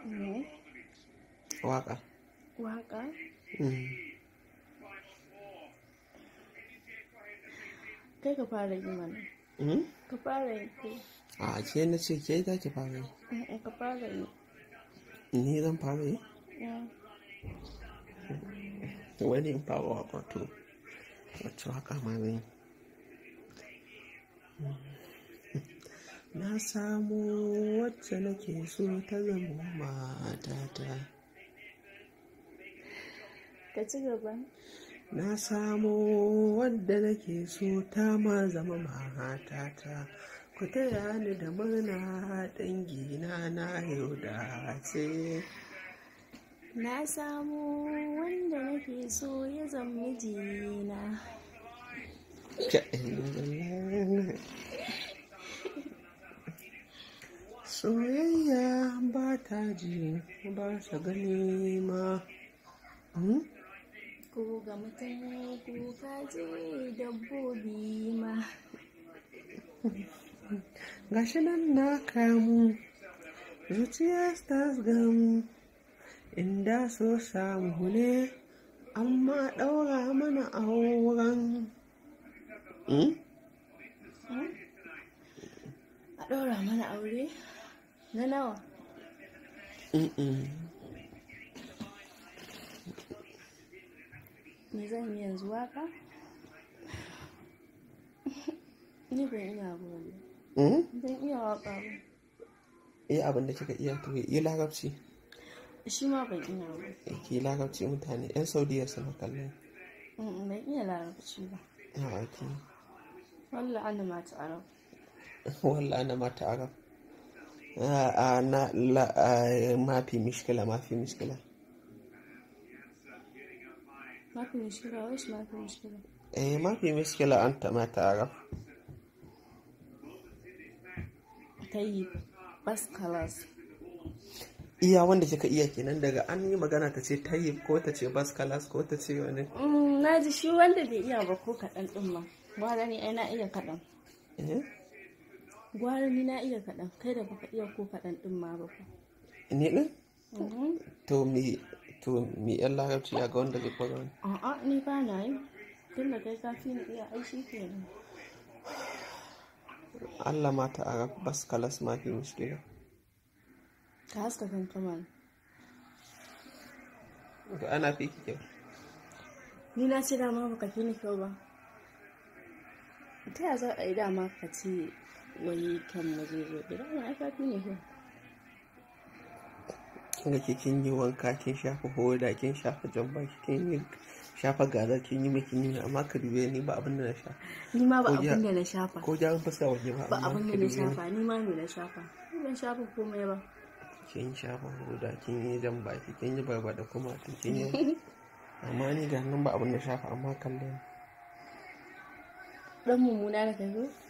Ini. Waka. Waka. Hmm. Kayak kepala gimana? Hmm? Kepala itu. ¿Mm? Ah, cina sih kita kepala. Eh, kepala eh, ini. Ini kan kepala. Ya. Wedding power apa tuh? Cerah kah malam? Hmm. na samu wacce nake so ta zama matata ka ci gaba na samu wadda nake so ta ma zama matata ku taya ni da murna dangi na na yau da ce na samu wanda nake so ya zama mijina soyayya ba ta ji ba ta gani ma hmm? ko ga mutane ko kaje dabbobi ma shi nan na kamu zuciya stars gamu inda so samu ne amma ɗaura mana hmm? Hmm? a ɗaura mana aure na nawa me zan yi yanzu waka ni ban iya ba hmm? ban iya waka ba eh abin da kika iya to yi larabci shi ma ban iya ba eh, ki larabci mutane yan saudiya suna kallon ban iya larabci ba a ah, waki wallah ana mata arab wallah ana mata arab Mafi لا mafi في مشكلة ما في مشكلة ما في مشكلة وإيش ما في مشكلة؟ إيه ما في مشكلة أنت ما iya wanda kika iya kenan daga an yi magana ta ce ta yi ko ta ce bas kalas ko ta ce wani mm, na ji shi wanda bai iya bako ko kaɗan ɗin ma ba ni ai na iya kaɗan eh? gwara ni na iya kaɗan kai da baka iya ko kaɗan ɗin ma ba ku ni ɗin to mm-hmm. mi to me yan larabci ya ga wanda zai koya wani a'a ni ba na yi tun da kai ka fi ni iya aishi kenan Allah ma mata a bas kalas ma fi mushkila ka haska kan kamar to ana fi ki kyau ni na ce dama baka fi ni kyau ba ta yaya za a yi dama ka ce Wani kan maje zo idan wani ashafi ne shi kin ga kin yi wanka kin shafa hoda kin shafa jamba kin yi shafa gaza kin yi mai kin yi amma ka dube ni ba abin da na shafa ni ma ba abin da na shafa ko jarin fuska waje ba ba abin da na shafa ni ma me na shafa ni ban shafa komai ba kin shafa hoda kin yi jamba kin yi da kuma kin yi amma ni da nan ba abin da shafa amma kallon dan mummuna da ka zo